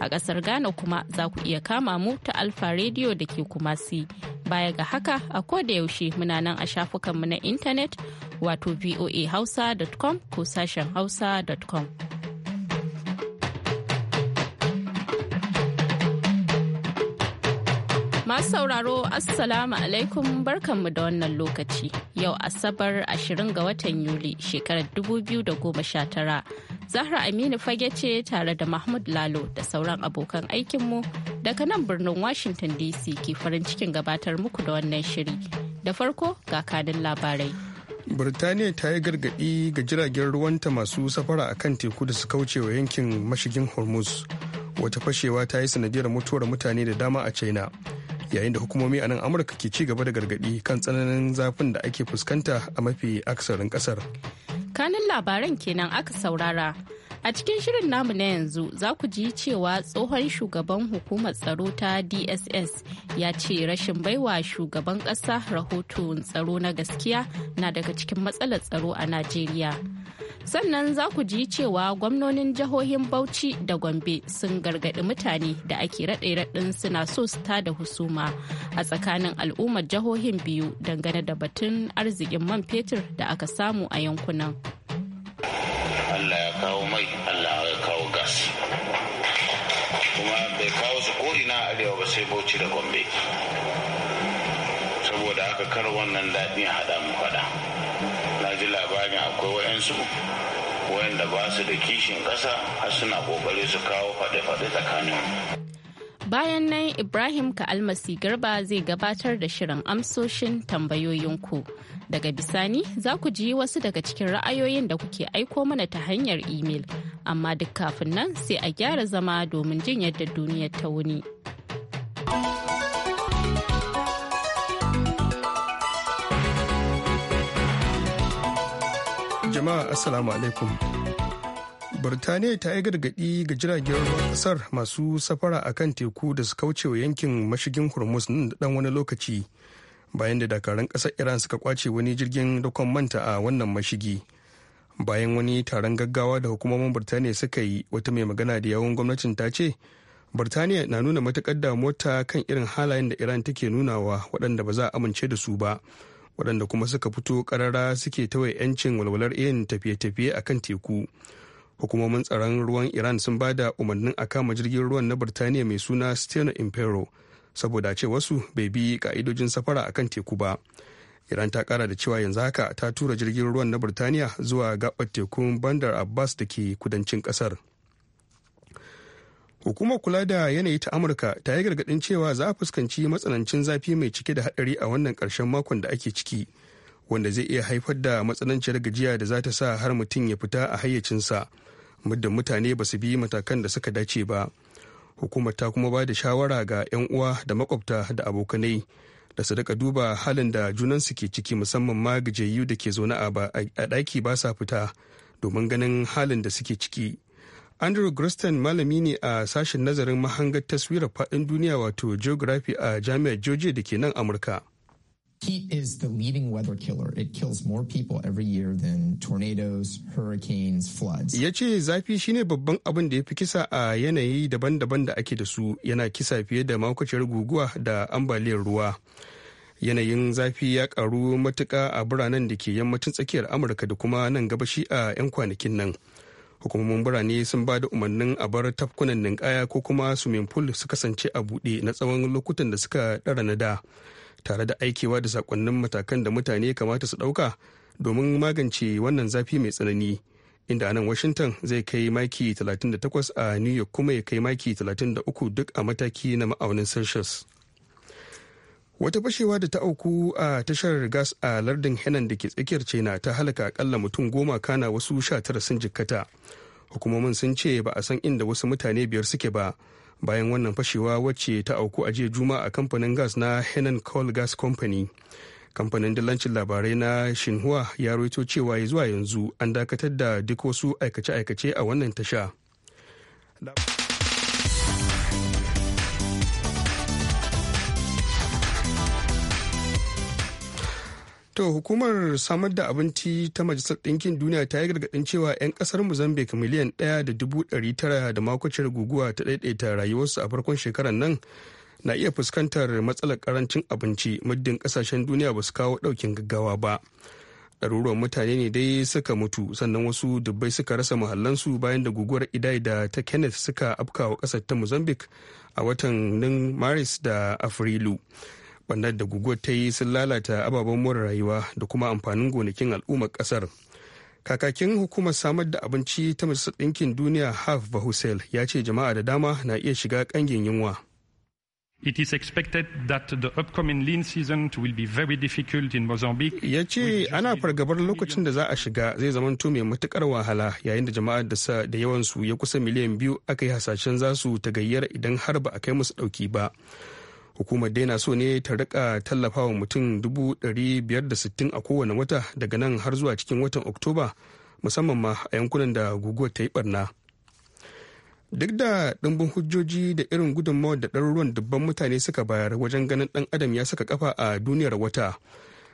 a ƙasar Ghana kuma za ku iya kama mu ta Alfa Radio da ke Kumasi. Baya ga haka a da yaushe muna nan a shafukanmu na intanet wato voahausa.com ko sashen hausa.com. Masu sauraro Assalamu alaikum barkanmu da wannan lokaci. Yau Asabar 20 ga watan Yuli shekarar 2019 Zahra Aminu fage ce tare da Mahmud Lalo da sauran abokan aikinmu daga nan birnin Washington DC ke farin cikin gabatar muku da wannan shiri. Da farko ga kanin labarai. Birtaniya ta yi gargaɗi ga jiragen ruwanta masu safara a kan teku da su kauce wa yankin mashigin Hormuz. Wata fashewa ta yi sanadiyar mutuwar mutane da dama a China. Yayin da hukumomi a nan Amurka ke ci gaba da gargaɗi kan tsananin zafin da ake fuskanta a mafi aksarin ƙasar. Kanin labaran kenan aka saurara. A cikin shirin namu na yanzu za ku ji cewa tsohon shugaban hukumar tsaro ta DSS ya ce rashin baiwa shugaban ƙasa rahoton tsaro na gaskiya na daga cikin matsalar tsaro a Najeriya. sannan za ku ji cewa gwamnonin jihohin bauchi da gombe sun gargaɗi mutane da ake raɗe raɗin suna so su tada husuma a tsakanin al'ummar jihohin biyu dangane da batun arzikin man fetur da aka samu a yankunan allah ya kawo mai allah ya kawo gas kuma bai kawo su ko ina arewa ba sai bauchi da gombe saboda aka kar wannan daɗin haɗa mu faɗa ji labarin akwai wayansu wanda ba su da kishin ƙasa har suna ƙoƙari su kawo faɗe-faɗe tsakanin bayan nan ibrahim ka'almasi garba zai gabatar da shirin amsoshin tambayoyinku daga bisani za ku ji wasu daga cikin ra'ayoyin da kuke aiko mana ta hanyar imel amma duk kafin nan sai a gyara zama domin jin yadda duniyar ta wuni. jama'a assalamu alaikum birtaniya ta yi gargaɗi ga jiragen ruwan ƙasar masu safara a kan teku da su kauce wa yankin mashigin hormuz nan da ɗan wani lokaci bayan da dakarun ƙasar iran suka kwace wani jirgin dakon manta a wannan mashigi bayan wani taron gaggawa da hukumomin birtaniya suka yi wata mai magana da yawon gwamnatin ta ce birtaniya na nuna matuƙar damuwarta kan irin halayen da iran take nunawa waɗanda ba za a amince da su ba waɗanda kuma suka fito ƙarara suke tawaye 'yancin walwalar yin tafiye-tafiye a kan teku hukumomin tsaron ruwan iran sun ba da umarnin a kama jirgin ruwan na birtaniya mai suna steno impero saboda ce wasu bai bi ka'idojin safara a kan teku ba iran ta kara da cewa yanzu haka ta tura jirgin ruwan na birtaniya zuwa gabar tekun bandar abbas da ke kudancin kasar hukumar kula da yanayi ta amurka ta yi gargadin cewa za a fuskanci matsanancin zafi mai cike da hadari a wannan karshen makon da ake ciki wanda zai iya haifar da matsananciyar gajiya da za ta sa har mutum ya fita a hayyacinsa muddin mutane ba su bi matakan da suka dace ba hukumar ta kuma ba da shawara ga 'yan uwa da makwabta da abokanai da su rika duba halin da junansu ke ciki musamman ma gajiyayyu da ke zaune a ɗaki ba sa fita domin ganin halin da suke ciki Andrew Groston malami ne a sashen nazarin mahangar taswirar faɗin duniya wato geography a jami'ar Georgia da ke nan Amurka. Heat is the leading weather killer. It kills more people every year than tornadoes, hurricanes, floods. Ya ce zafi shine babban abin da ya fi kisa a yanayi daban-daban da ake da su yana kisa fiye da makwacin guguwa da ambaliyar ruwa. Yanayin zafi ya karu matuka a biranen da ke yammacin tsakiyar Amurka da kuma nan gabashi a 'yan kwanakin nan. hukumomin birane sun ba da umarnin a bar tafkunan ninkaya ko kuma swimming pool su kasance a bude na tsawon lokutan da suka dara na da tare da aikewa da sakonnin matakan da mutane kamata su ɗauka domin magance wannan zafi mai tsanani inda anan washington zai kai maki 38 a new york kuma ya kai maki 33 duk a mataki na ma'aunin celsius wata fashewa da ta auku a tashar gas a lardin henan da ke tsakiyar china ta halaka akalla mutum goma kana wasu sha tara sun jikkata hukumomin sun ce ba a san inda wasu mutane biyar suke ba bayan wannan fashewa wacce ta auku a jiya juma a kamfanin gas na henan coal gas company kamfanin dillancin labarai na shinhua ya roito cewa ya zuwa yanzu an dakatar da duk wasu aikace-aikace a wannan tasha. To hukumar samar da abinci ta Majalisar Ɗinkin Duniya ta yi gargaɗin cewa 'yan ƙasar Mozambique miliyan ɗaya da dubu ɗari tara da makwacin guguwa ta ɗaiɗaita rayuwarsu a farkon shekarar nan na iya fuskantar matsalar ƙarancin abinci muddin ƙasashen duniya ba su kawo ɗaukin gaggawa ba. Ɗaruruwan mutane ne dai suka mutu sannan wasu dubbai suka rasa muhallansu bayan da guguwar idai da ta Kenneth suka afkawa ƙasar ta Mozambique a watan Maris da Afrilu. bannar da guguwar ta yi sun lalata ababen more rayuwa da kuma amfanin gonakin al'ummar kasar kakakin hukumar samar da abinci ta majalisar ɗinkin duniya haf bahusel ya ce jama'a da dama na iya shiga ƙangin yunwa It is expected that the upcoming lean season will be very difficult in Mozambique. Ya ce ana fargabar lokacin da za a shiga zai zamanto mai matukar wahala yayin da jama'ar da sa da yawansu ya kusa miliyan biyu aka yi hasashen za su tagayyar idan har ba a kai musu ɗauki ba. hukumar dai na so ne ta rika tallafawa mutum 560 a kowane wata daga nan har zuwa cikin watan oktoba musamman ma a yankunan da guguwar ta yi barna duk da ɗimbin hujjoji da irin gudunmawar da ɗaruruwan dubban mutane suka bayar wajen ganin ɗan adam ya saka kafa a duniyar wata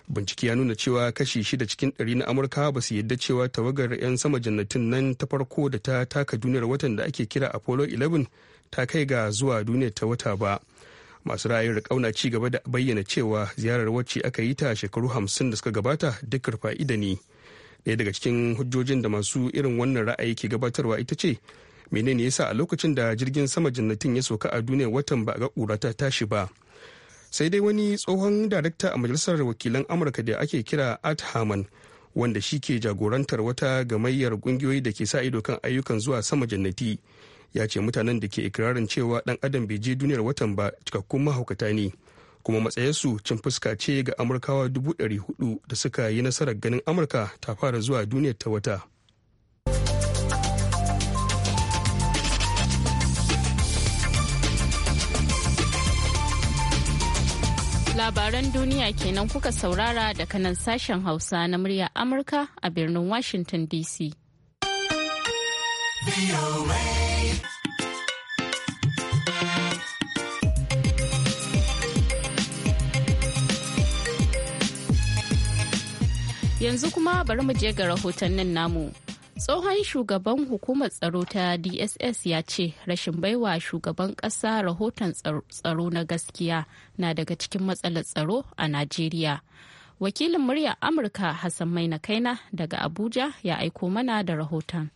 bincike ya nuna cewa kashi shida cikin ɗari na amurka ba su yadda cewa tawagar 'yan sama jannatin nan ta farko da ta taka duniyar watan da ake kira apollo 11 ta kai ga zuwa duniyar ta wata ba masu ra'ayin kauna ci gaba da bayyana cewa ziyarar wacce aka yi ta shekaru hamsin da suka gabata dukkan fa'ida ne ɗaya daga cikin hujjojin da masu irin wannan ra'ayi ke gabatarwa ita ce menene yasa a lokacin da jirgin sama jannatin ya sauka a duniya watan ba a ga ƙura ta tashi ba sai dai wani tsohon darakta a majalisar wakilan amurka da ake kira art haman wanda shi ke jagorantar wata gamayyar ƙungiyoyi da ke sa ido kan ayyukan zuwa sama jannati ya ce mutanen da ke ikirarin cewa dan adam bai je duniyar watan ba cikakkun mahaukata ne kuma matsayarsu cin fuska ce ga amurkawa dubu ɗari hudu da suka yi nasarar ganin amurka ta fara zuwa duniyar ta wata labaran duniya kenan kuka saurara daga nan sashen hausa na murya amurka a birnin washington dc Yanzu kuma bari mu je ga rahotannin namu. Tsohon shugaban hukumar tsaro ta DSS ya ce rashin baiwa shugaban ƙasa rahoton tsaro na gaskiya na daga cikin matsalar tsaro a Najeriya. Wakilin murya Amurka Hassan mai Maina Kaina daga Abuja ya aiko mana da rahoton.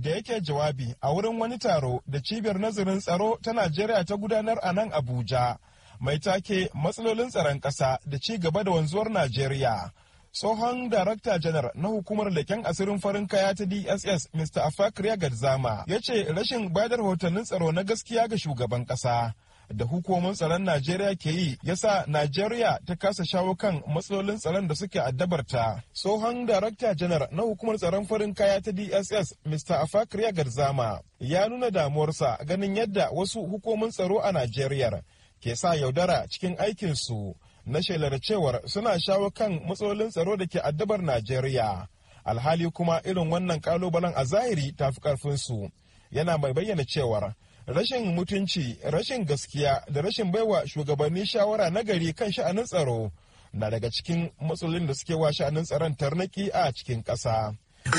da yake jawabi a wurin wani taro da cibiyar nazarin tsaro ta Najeriya ta gudanar a nan Abuja. Mai take matsalolin tsaron ƙasa da ci gaba da wanzuwar Najeriya. tsohon darakta janar na hukumar leken asirin farin kaya ta dss mr afakriya gadzama ya ce rashin bayar hotannin tsaro na gaskiya ga shugaban kasa da hukumomin tsaron Najeriya ke yi ya sa Najeriya ta kasa shawo kan matsalolin tsaron da suke addabarta. Tsohon Darakta Janar na hukumar tsaron farin kaya ta DSS Mr. Afakriya zama ya nuna damuwarsa ganin yadda wasu hukumomin tsaro a Najeriya ke sa yaudara cikin aikinsu na shelar cewar suna shawo kan matsalolin tsaro da ke addabar Najeriya. Alhali kuma irin wannan kalubalen a zahiri ta fi karfinsu yana mai bayyana cewar rashin mutunci, rashin gaskiya da rashin baiwa shugabanni shawara na gari kan sha'anin tsaro na daga cikin matsalolin da suke wa sha'anin tsaron tarnaki a cikin ƙasa. For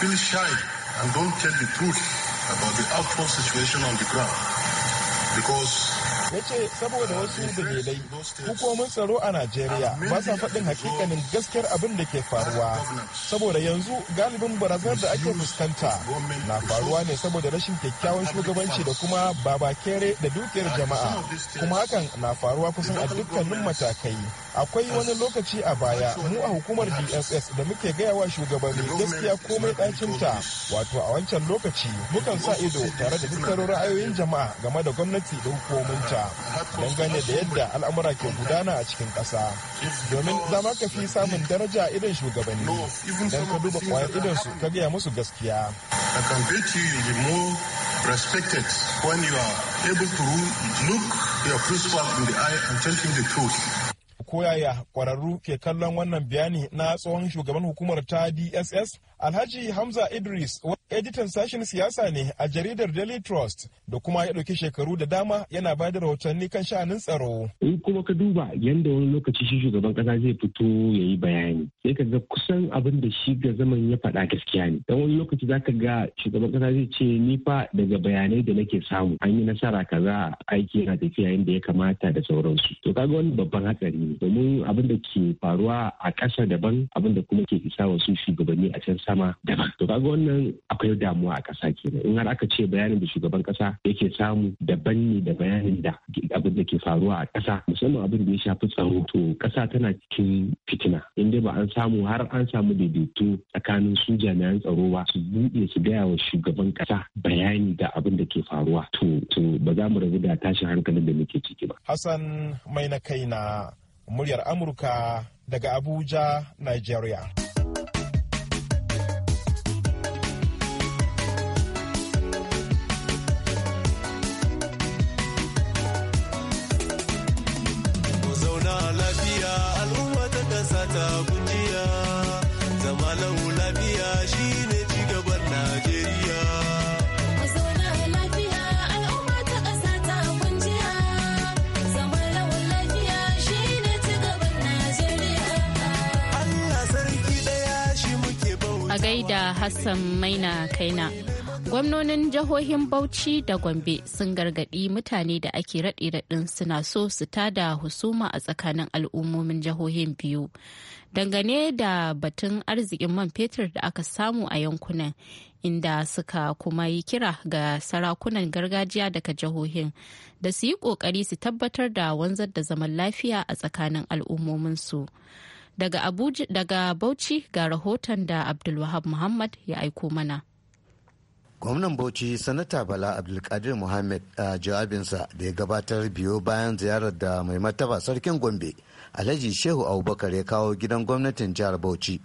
feel shy and don't tell the truth about the outpost situation on the ground. ya ce saboda wasu dalilai hukumomin tsaro a najeriya ba sa faɗin hakikanin gaskiyar abin da ke faruwa saboda yanzu galibin barazanar da ake fuskanta na faruwa ne saboda rashin kyakkyawan shugabanci da kuma babakere da dukiyar jama'a kuma hakan na faruwa kusan a dukkanin matakai akwai wani lokaci a baya mu a hukumar dss da muke gaya wa shugabanni gaskiya komai ɗacinta wato a wancan lokaci mukan sa ido tare da tattaro ra'ayoyin jama'a game da gwamnati da hukumunta dangane da yadda al'amura ke gudana a cikin ƙasa domin zama ka fi samun daraja idan shugabanni don ka duba kwayar idon su ka gaya musu gaskiya respected when you are able to look your principal in the eye and tell him the truth koyaya kwararru ke kallon wannan bayani na tsohon shugaban hukumar ta dss Alhaji Hamza Idris, editan sashen siyasa ne a jaridar Daily Trust da kuma ya ɗauki shekaru da dama yana ba da rahotanni kan sha'anin tsaro. In kuma ka duba yadda wani lokaci shi shugaban ƙasa zai fito ya yi bayani, sai ka ga kusan abin da shi ga zaman ya faɗa gaskiya ne. Dan wani lokaci za ka ga shugaban kasa zai ce ni fa daga bayanai da nake samu an yi nasara kaza aiki yana tafiya yadda ya kamata da sauransu. To kaga wani babban hatsari ne domin abin da ke faruwa a ƙasa daban abin da kuma ke isa wasu shugabanni a can sama daban to kaga wannan akwai damuwa a ƙasa kenan in har aka ce bayanin da shugaban ƙasa yake samu daban ne da bayanin da abin da ke faruwa a ƙasa musamman abin da ya shafi tsaro to ƙasa tana cikin fitina dai ba an samu har an samu daidaito tsakanin su jami'an tsaro ba su buɗe su gaya wa shugaban ƙasa bayani da abin da ke faruwa to to ba za mu rabu da tashin hankalin da muke ciki ba Hassan mai na kai na muryar Amurka daga Abuja Nigeria Hassan Maina Kaina. Gwamnonin jihohin Bauchi da Gombe sun gargaɗi mutane da ake raɗe-raɗin suna so su tada husuma a tsakanin al'ummomin jihohin biyu. Dangane da batun arzikin man fetur da aka samu a yankunan inda suka kuma yi kira ga sarakunan gargajiya daga jihohin da su yi kokari su tabbatar da wanzar da zaman lafiya a tsakanin al'ummominsu Daga, Abuja, daga Bauchi ga rahoton da Abdulwahab Muhammad ya aiko mana. gwamnan bauchi sanata bala abdulkadir muhammad a jawabinsa da ya gabatar biyo bayan ziyarar da mai mataba sarkin gombe alhaji shehu abubakar ya kawo gidan gwamnatin jihar bauchi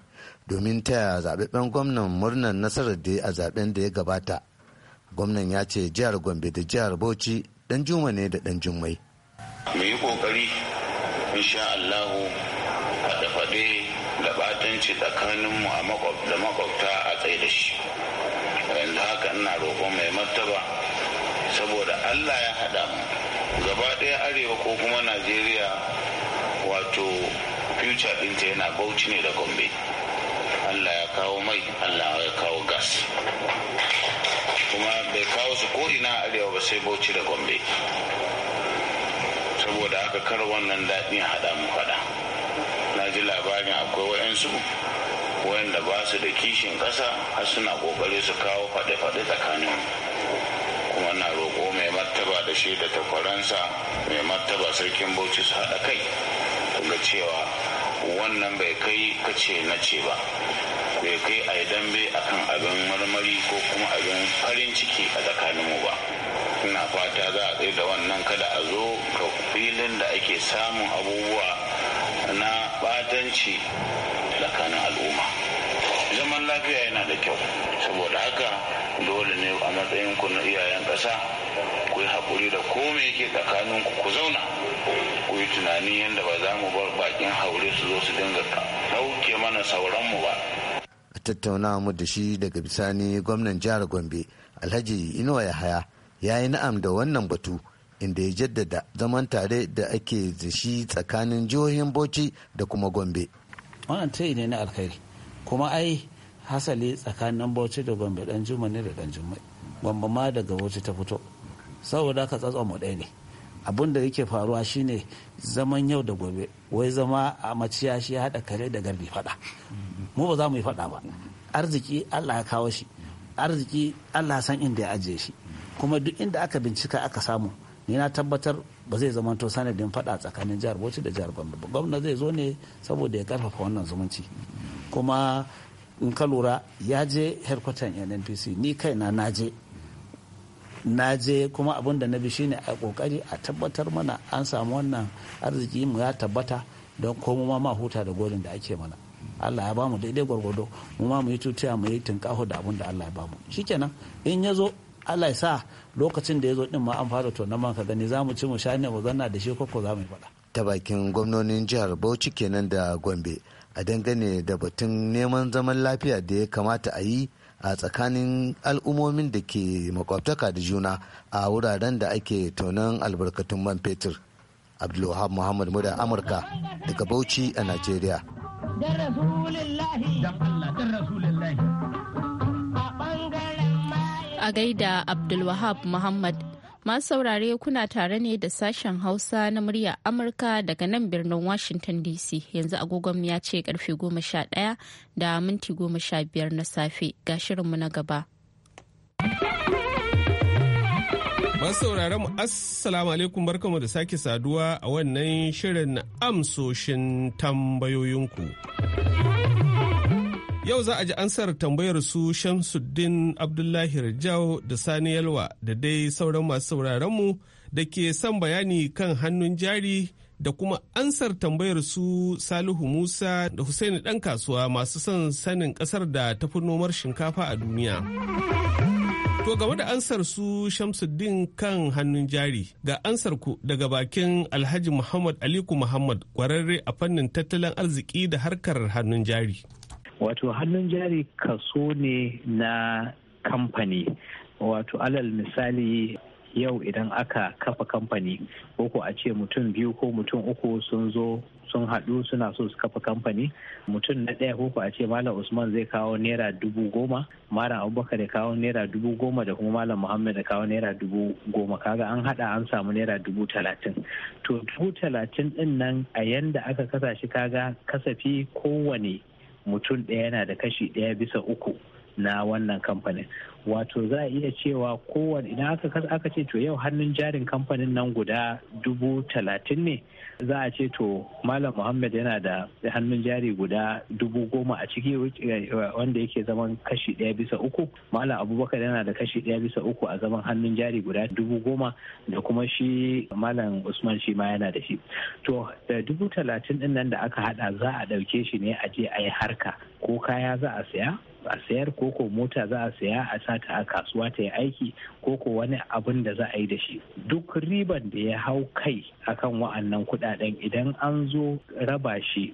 domin taya zaɓaɓɓen gwamnan murnar nasarar da a zaɓen da ya gabata gwamnan ya ce jihar gombe da jihar bauchi dan juma ne da dan jummai mu yi kokari insha allahu zalunci tsakaninmu a da makwabta a tsaye da shi yanzu haka ina roƙon mai martaba saboda allah ya haɗa mu gaba ɗaya arewa ko kuma najeriya wato future ɗinta yana bauchi ne da gombe allah ya kawo mai allah ya kawo gas kuma bai kawo su ko ina arewa ba sai bauchi da gombe saboda haka kar wannan daɗin haɗa mu su wanda ba su da kishin ƙasa har suna ƙoƙari su kawo faɗe-faɗe tsakanin kuma na roƙo mai martaba da shi da takwaransa mai martaba sarkin bauchi su haɗa kai ga cewa wannan bai kai kace na ce ba bai kai a dambe kan abin marmari ko kuma abin farin ciki a tsakaninmu ba ina fata za a tsaye da wannan kada a zo ga filin da ake samun abubuwa Ɓatanci tsakanin al'umma zaman lafiya yana da kyau saboda haka dole ne a matsayin ku na iyayen ƙasa ku yi haƙuri da kome yake tsakanin ku ku zauna ku yi tunani yadda ba za mu bar bakin haure su zo su dinga ɗauke mana sauran mu ba A tattauna mu da shi daga bisani gwamnan jihar gombe alhaji inuwa yahaya ya yi na'am da wannan batu inda ya jaddada zaman tare da ake da shi tsakanin jihohin bauchi da kuma gombe wannan tayi ne na alkhairi kuma ai hasali tsakanin bauchi da gombe dan juma ne da dan juma gombe ma daga bauchi ta fito saboda ka tsatsa mu ɗaya ne abin da yake faruwa shine zaman yau da gobe wai zama a maciya shi ya haɗa kare da garbi faɗa mu ba za mu yi faɗa ba arziki allah ya kawo shi arziki allah san inda ya ajiye shi kuma duk inda aka bincika aka samu ni na tabbatar ba zai zama to sanadin fada tsakanin jihar bauchi da jihar gombe ba gwamna zai zo ne saboda ya karfafa wannan zumunci kuma in ka lura ya je herkwatan nnpc ni kai na naje. na je kuma abin da na bi shine a kokari a tabbatar mana an samu wannan arziki mu ya tabbata don komo ma ma huta da gorin da ake mana Allah ya ba mu daidai gwargwado mu ma mu yi tutiya mu yi tunkaho da abin da Allah ya ba mu shikenan in ya zo Allah ya sa lokacin da ya zo din ma an fara tonan man ka gani za mu ci mu sha ne mu zanna da shi koko za mu yi faɗa. ta bakin gwamnonin jihar bauchi kenan da gombe a dangane da batun neman zaman lafiya da ya kamata a yi a tsakanin al'ummomin da ke makwabtaka da juna a wuraren da ake tonan albarkatun man fetur abdulwahab muhammad muda amurka daga bauchi a nigeria a gaida Abdulwahab Muhammad. Masu saurare kuna tare ne da sashen Hausa na murya Amurka daga nan birnin Washington DC yanzu agogon ya ce karfe 11 da minti 15 na safe ga shirinmu na gaba. Masu sauraron mu assalamu alaikum barkamu da sake saduwa a wannan shirin amsoshin tambayoyinku. Yau za a ji ansar tambayar su Shamsuddin Abdullahi Rajau da Sani Yalwa da dai sauran masu mu da ke son bayani kan hannun jari da kuma ansar tambayar su Salihu Musa da Hussaini ɗan kasuwa masu son sanin ƙasar da ta fi nomar shinkafa a duniya. To game da ansar su Shamsuddin kan hannun jari ga ansar ku daga bakin Alhaji Muhammad Aliku Muhammad kwararre a fannin tattalin arziki da harkar hannun jari. wato hannun jari kaso ne na kamfani wato alal misali yau idan aka kafa kamfani ko a ce mutum biyu ko mutum uku sun zo sun haɗu suna so su kafa kamfani mutum na ɗaya ko a ce malam usman zai kawo naira dubu goma malam abubakar ya kawo naira dubu goma da kuma malam muhammad ya kawo naira dubu goma kaga an haɗa an samu naira dubu talatin to dubu talatin ɗin nan a yanda aka kasa shi kaga kasafi kowane mutum ɗaya yana da kashi ɗaya bisa uku na wannan kamfanin wato za a iya cewa kowane idan aka aka ce to yau hannun jarin kamfanin nan guda dubu talatin ne za a ce to malam muhammad yana da hannun jari guda dubu goma a ciki wanda yake zaman kashi ɗaya bisa uku malam abubakar yana da kashi ɗaya bisa uku a zaman hannun jari guda dubu goma da kuma shi malam usman shi ma yana da shi to da dubu talatin din nan da aka hada za a ɗauke shi ne a je a yi harka ko kaya za a saya a sayar ko ko mota za a saya a sata a kasuwa ta yi aiki ko ko wani abin da za a yi da shi duk riban da ya hau kai akan wa'annan kudaden idan an zo raba shi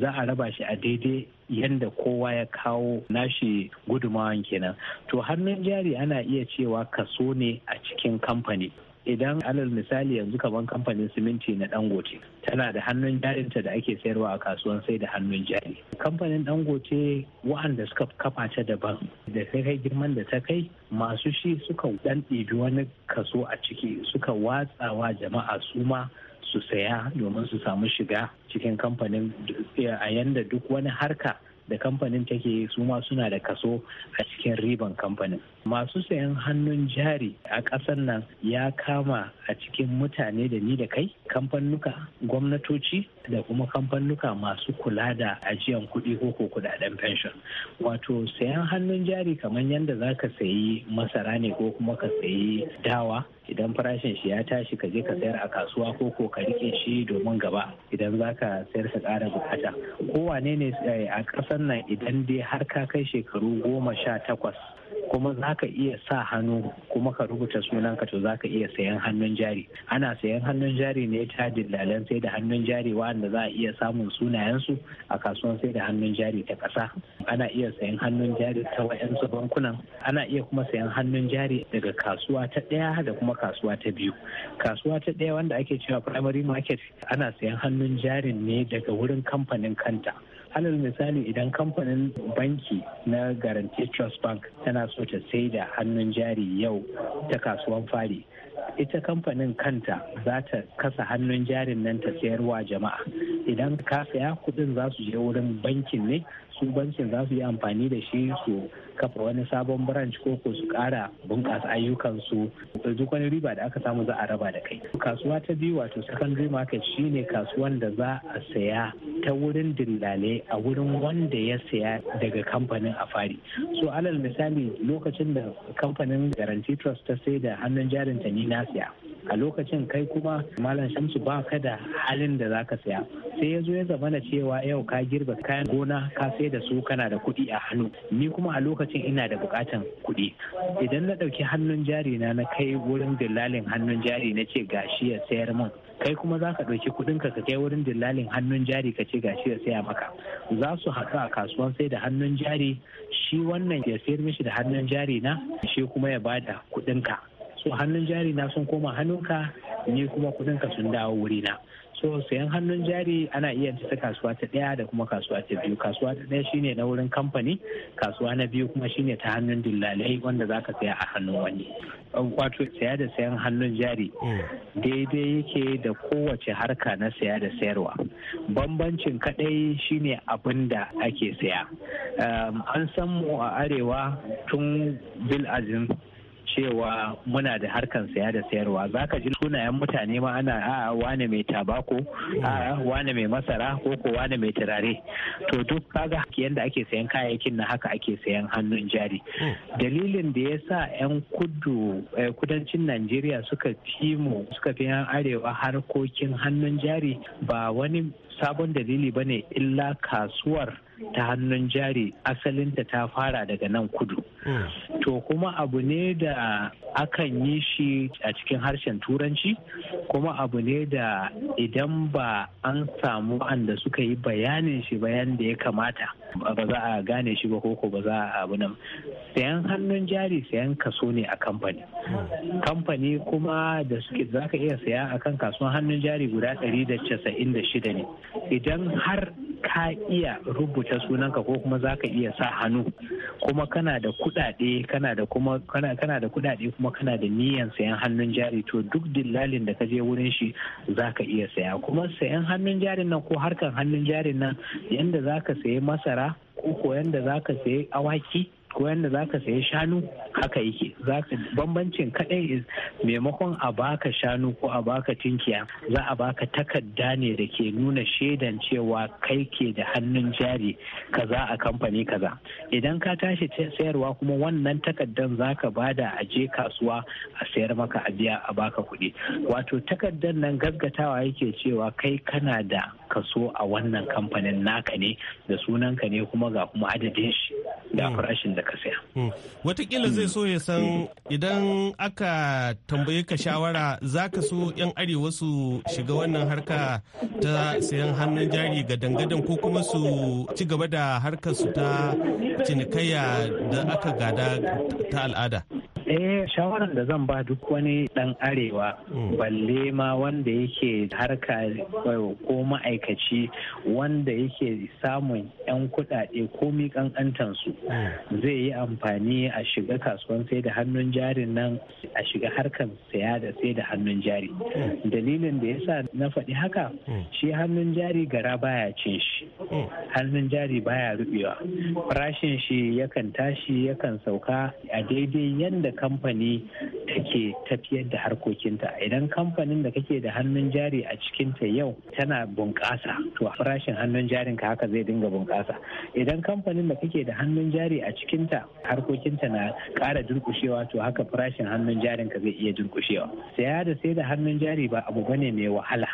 za a raba shi a daidai yadda kowa ya kawo nashi gudumawan kenan to hannun jari ana iya cewa kaso ne a cikin kamfani idan alal misali yanzu kamar kamfanin siminti na dangote tana da hannun jarinta da ake sayarwa a kasuwan sai da hannun jari kamfanin dangote wa'anda suka kafa ta daban da ta kai girman da ta kai masu shi suka dan ɗibi wani kaso a ciki suka watsawa jama'a suma su saya domin su samu shiga cikin kamfanin eh, a yanda duk wani harka da kamfanin take su ma suna da kaso a cikin riban kamfanin masu sayan hannun jari a ƙasar nan ya kama a cikin mutane da ni da kai kamfanuka gwamnatoci da kuma kamfanuka masu kula da ajiyan kuɗi ko ko kudaden pension wato sayan hannun jari kamar yadda za ka sayi masara ne ko kuma ka sayi dawa idan farashin shi ya tashi ka je ka sayar a kasuwa ko ko ka rike shi domin gaba idan za ka sayar ka ƙara bukata kowane ne eh, a ƙasar nan idan dai har ka kai shekaru goma sha takwas kuma za ka iya sa hannu kuma ka rubuta sunanka to za ka iya sayan hannun jari ana sayan hannun jari ne ta dillalan sai da hannun jari wanda za a iya samun sunayensu a kasuwan sai da hannun jari ta ƙasa ana iya sayan hannun jari ta wayansu bankunan ana iya kuma sayan hannun jari daga kasuwa ta ɗaya da kuma kasuwa ta biyu kasuwa ta ɗaya wanda ake cewa primary market ana sayan hannun jarin ne daga wurin kamfanin kanta alal misali idan kamfanin banki na guarantee trust bank tana so ta sai da hannun jari yau ta kasuwan fari ita kamfanin kanta za ta kasa hannun jarin nan ta sayarwa jama'a idan ka saya kudin za su je wurin bankin ne su bankin za su yi amfani da shi su kafa wani sabon branch ko ko su ƙara bunƙasa ayyukansu da duk wani riba da aka samu za a raba da kai kasuwa ta biyu wato secondary market shine kasuwan da za a saya ta wurin dindale a wurin wanda ya saya daga kamfanin a fari so alal misali lokacin da kamfanin garanti trust ta sai da hannun jarin ta ni na saya a lokacin kai kuma malam shamsu ba ka da halin da zaka saya sai ya zo ya zama na cewa yau ka girba kayan gona ka sai da su kana da kuɗi a hannu ni kuma a lokacin ina da bukatan kuɗi idan na ɗauki hannun jari na na kai wurin dillalin hannun jari na ce gashi ya sayar min kai kuma za ka ɗauki kuɗinka ka kai wurin dillalin hannun jari ka ce gashi ya saya maka za su haɗu a kasuwan sai da hannun jari shi wannan ya sayar mishi da hannun jari na shi kuma ya bada kuɗinka so hannun jari na sun koma hannunka ni kuma ka sun dawo wurina so sayan hannun jari ana iya ta kasuwa ta ɗaya da kuma kasuwa ta biyu kasuwa ta ɗaya shine na wurin kamfani kasuwa na biyu kuma shine ta hannun dillalai wanda zaka saya a hannun wani wato saya da sayan hannun jari mm. daidai yake da kowace harka na saya da sayarwa bambancin kaɗai shine abin da ake saya an san mu a arewa tun bil azin cewa muna da harkan saya da sayarwa za ka ji sunayen mutane ma ana a wane mai tabako a wane mai masara ko ko wane mai turare to duk kaga yadda ake sayan kayayyakin na haka ake sayan hannun jari dalilin da ya sa 'yan kudu eh, kudancin najeriya suka fi mu suka fi yan arewa harkokin hannun jari ba wani sabon dalili ba ne illa kasuwar ta hannun jari asalinta ta fara daga nan kudu hmm. to kuma abu ne da akan yi shi a cikin harshen turanci kuma abu ne da idan ba an samu wanda suka yi bayanin shi bayan da ya kamata ba za a gane shi ba ko ba za a abu nan sayan hannun jari sayan kaso ne a kamfani hmm. kamfani kuma da suke za ka iya saya a kan kasuwan hannun jari guda 196 ne idan har ka iya rubuta sunanka ko kuma za ka iya sa hannu kuma kana da kudade kana da kuma kana da kudade kuma kana da niyan sayan hannun jari to duk dillalin da ka je wurin shi za ka iya saya kuma sayan hannun jarin nan ko harkan hannun jarin nan yanda za ka sayi masara ko ko yanda za ka sayi awaki ko yadda za ka sayi shanu haka yake bambancin kadai maimakon a baka shanu ko a baka tinkiya za a baka takarda ne da ke nuna shaidan cewa kai ke da hannun jari kaza a kamfani kaza idan ka tashi sayarwa kuma wannan takardan za ka bada a je kasuwa a sayar maka a biya a baka kuɗi wato takardan nan gaggatawa yake cewa kai kana da kaso a wannan kamfanin naka ne da sunanka ne kuma ga kuma adadin shi da hmm. farashin da ka saya. Hmm. Watakila zai so ya san idan aka tambaye ka shawara za ka so 'yan arewa su shiga wannan harka ta sayan hannun jari ga dangadan ko kuma su ci gaba da harkar su ta cinikayya da aka gada ta al'ada. ɗaya eh, shawarar da zan ba duk wani ɗan arewa mm. balle ma wanda yake harka eh, ko ma'aikaci wanda yake samun yan kuɗaɗe ko miƙan su mm. zai yi amfani a shiga kasuwan sai da hannun jari nan a shiga harkar saya da sai da hannun jari mm. dalilin da yasa na faɗi haka shi hannun jari gara baya cin shi hannun jari baya rubewa farashin shi yakan tashi yakan sauka a daidai yadda kamfani take tafiyar da harkokinta idan kamfanin da kake da hannun jari a cikinta yau tana bunƙasa to farashin hannun jarin ka haka zai dinga bunƙasa idan kamfanin da kake da hannun jari a cikinta harkokinta na ƙara durƙushewa to haka farashin hannun jarin ka zai iya durƙushewa saya da sai da hannun jari ba abu bane mai wahala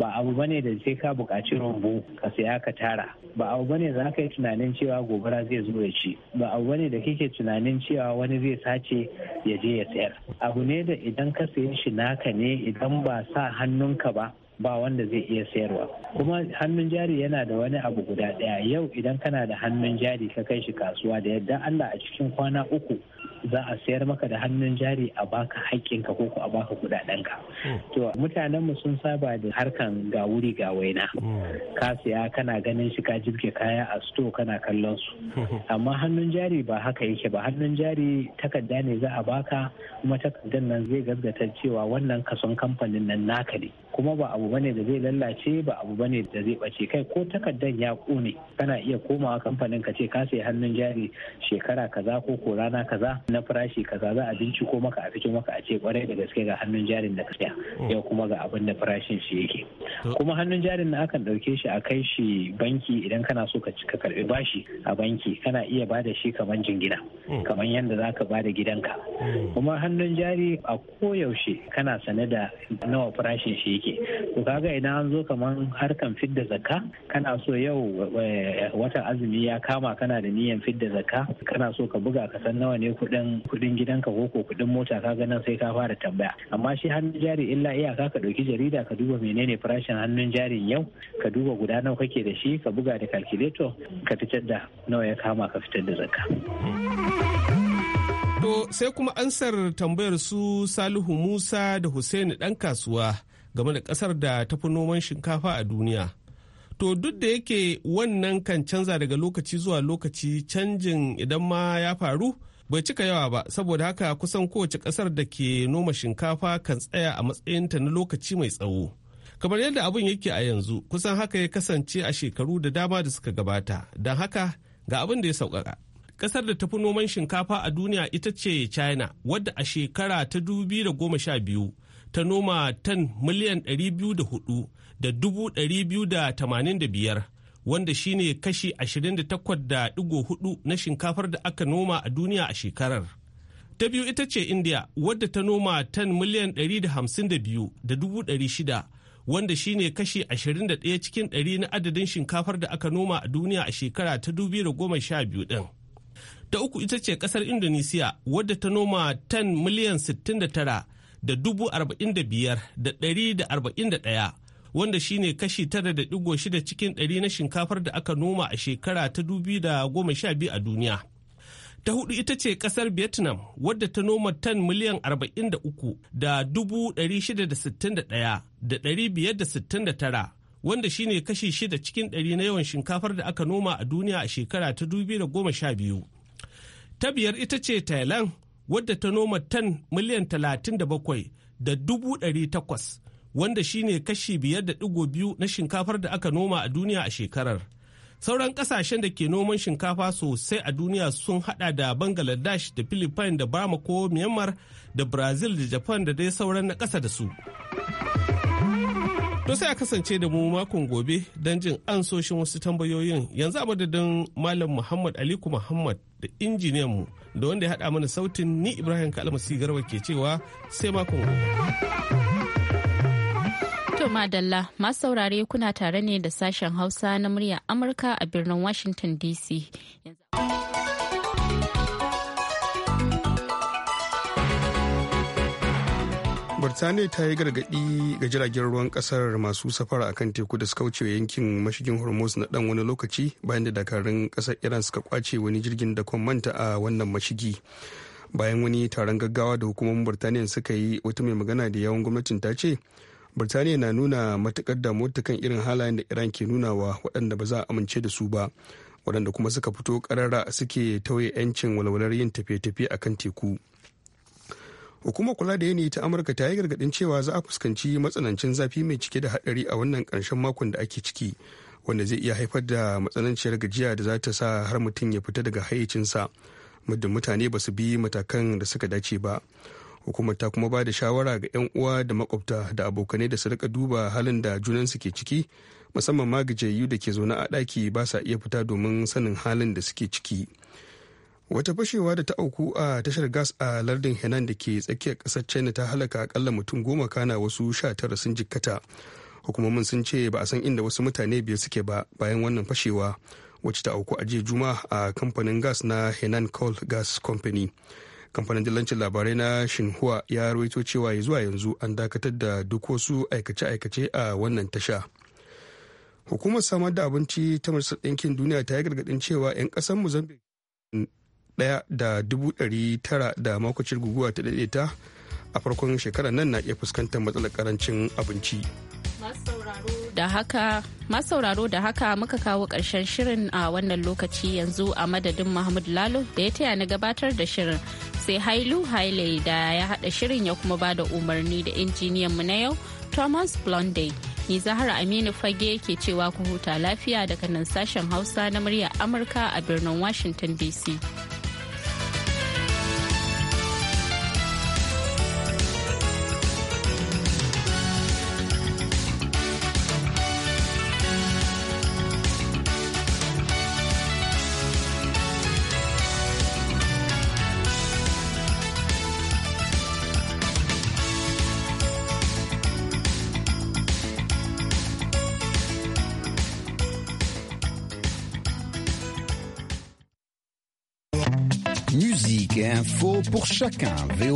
ba abu bane da sai ka buƙaci rumbu ka saya ka tara ba abu bane za ka yi tunanin cewa gobara zai zo ya ci ba abu bane da kake tunanin cewa wani zai sace ya je ya sayar abu ne da idan ka sayi shi naka ne idan ba sa hannunka ba ba wanda zai iya sayarwa kuma hannun jari yana da wani abu guda daya yau idan kana da hannun jari ka kai shi kasuwa da yadda allah a cikin kwana uku za a sayar maka da hannun jari a baka haƙƙinka ko ko a baka kuɗaɗenka. Hmm. To mutanen mu sun saba da harkan ga wuri ga waina. Hmm. Ka siya kana ganin shi ka jirge kaya a sto kana kallon su. Hmm. Amma hannun jari ba haka yake ba hannun jari takarda ne za a baka kuma takardar nan zai gasgata cewa wannan kason kamfanin nan naka ne. kuma ba abu bane da zai lallace ba abu bane da zai bace kai ko takardar ya kone kana iya komawa kamfanin ka ce ka sai hannun jari shekara kaza ko ko rana kaza na farashi kaza za a binciko maka a cikin maka a ce kwarai da gaske ga hannun jarin da ka saya mm. yau kuma ga abin da farashin shi yake kuma hannun jarin na akan dauke shi a kai shi banki idan kana so ka karbi bashi a banki kana iya bada shi kamar jingina mm. kamar yadda za ka bada gidanka mm. kuma hannun jari a koyaushe kana sane da nawa farashin shi yake yake to kaga idan an zo kaman harkan fidda zakka kana so yau eh, watan azumi ya kama kana da niyan fidda zakka kana so ka buga ka san nawa ne kudin kudin gidanka ko ko kudin mota kaga nan sai ka fara tambaya amma shi hannun jari illa iyaka ka dauki jarida ka duba menene farashin hannun jarin yau ka duba guda nawa kake da shi ka buga da calculator ka fitar da nawa ya kama ka fitar da zakka To sai kuma ansar tambayar su Salihu Musa da Hussein ɗan kasuwa game da kasar da ta fi noman shinkafa a duniya to duk da yake wannan kan canza daga lokaci zuwa lokaci canjin idan ma ya faru bai cika yawa ba saboda haka kusan kowace kasar da ke noma shinkafa kan tsaya a matsayinta na lokaci mai tsawo kamar yadda abin yake a yanzu kusan haka ya kasance a shekaru da dama da suka gabata don haka ga abin da ya sauƙaƙa kasar da tafi noman shinkafa a duniya ita ce china wadda a shekara ta biyu ta noma tan miliyan 204 da 285 wanda shine kashi 28.4 na shinkafar da aka noma a duniya a shekarar. Ta biyu ita ce India wadda ta noma tan miliyan da shida wanda shine kashi 21 cikin 100 na adadin shinkafar da aka noma a duniya a shekara ta 2012 din. Ta uku ita ce kasar Indonesia wadda ta noma tan miliyan sittin da tara. da dubu arba'in da biyar da ɗari da arba'in da ɗaya wanda shine kashi tara da ɗigo shida cikin ɗari na shinkafar da aka noma a shekara ta dubi da goma sha biyu a duniya. Ta hudu ita ce kasar Vietnam wadda ta noma tan miliyan arba'in da uku da dubu ɗari shida da sittin da ɗaya da ɗari biyar da sittin da tara wanda shine kashi shida cikin ɗari na yawan shinkafar da aka noma a duniya a shekara ta dubi da goma sha biyu. Ta biyar ita ce Thailand wadda ta noma tan miliyan 37 da dubu takwas wanda shine kashi biyar da digo biyu na shinkafar da aka noma a duniya a shekarar. Sauran kasashen da ke noman shinkafa sosai a duniya sun hada da Bangladesh da Philippines da Bamako, Myanmar da Brazil da Japan da dai sauran na ƙasa da su. To sai a kasance da mu makon gobe don jin ansoshin wasu tambayoyin yanzu a madadin Malam Muhammad Aliku Muhammad da injiniyan mu da wanda ya haɗa mana sautin ni Ibrahim Kalmasi Garba ke cewa sai makon gobe. To madalla masu saurare kuna tare ne da sashen Hausa na murya Amurka a birnin Washington DC. birtaniya ta yi gargaɗi ga jiragen ruwan ƙasar masu safara a kan teku da suka wuce yankin mashigin hormuz na ɗan wani lokaci bayan da dakarun ƙasar iran suka kwace wani jirgin da kwan manta a wannan mashigi bayan wani taron gaggawa da hukumomin birtaniya suka yi wata mai magana da yawan gwamnatin ta ce birtaniya na nuna matukar da ta kan irin halayen da iran ke nunawa waɗanda ba za a amince da su ba waɗanda kuma suka fito ƙarara suke tauye 'yancin walwalar yin tafiye-tafiye a kan teku hukumar kula da yanayi ta amurka ta yi gargadin cewa za a fuskanci matsanancin zafi mai cike da hadari a wannan karshen makon da ake ciki wanda zai iya haifar da matsananciyar gajiya da za ta sa har mutum ya fita daga hayyacinsa muddin mutane ba su bi matakan da suka dace ba hukumar ta kuma ba da shawara ga 'yan uwa da makwabta da abokanai da su rika duba halin da junansu ke ciki musamman ma gajiyayyu da ke zaune a ɗaki ba sa iya fita domin sanin halin da suke ciki. wata fashewa da ta auku a tashar gas a lardin henan da ke tsakiyar kasar china ta halaka akalla mutum goma kana wasu sha tara sun jikkata hukumomin sun ce ba a san inda wasu mutane biyar suke ba bayan wannan fashewa wacce ta auku a jiya juma a kamfanin gas na henan coal gas company kamfanin dillancin labarai na shinhua ya rawaito cewa ya zuwa yanzu an dakatar da duk wasu aikace-aikace a wannan tasha hukumar samar da abinci ta majalisar ɗinkin duniya ta yi gargaɗin cewa 'yan ƙasar mozambique ɗaya da dubu dari tara da makwacin guguwa ta daɗe ta a farkon shekarar nan na iya fuskantar matsalar karancin abinci. da haka masauraro da haka muka kawo ƙarshen shirin a wannan lokaci yanzu a madadin mahmud lalo da ya taya na gabatar da shirin sai hailu haile da ya haɗa shirin ya kuma ba da umarni da injiniyan mu na yau thomas Blondey. ni zahara aminu fage ke cewa ku huta lafiya daga nan sashen hausa na murya amurka a birnin washington dc pour chacun.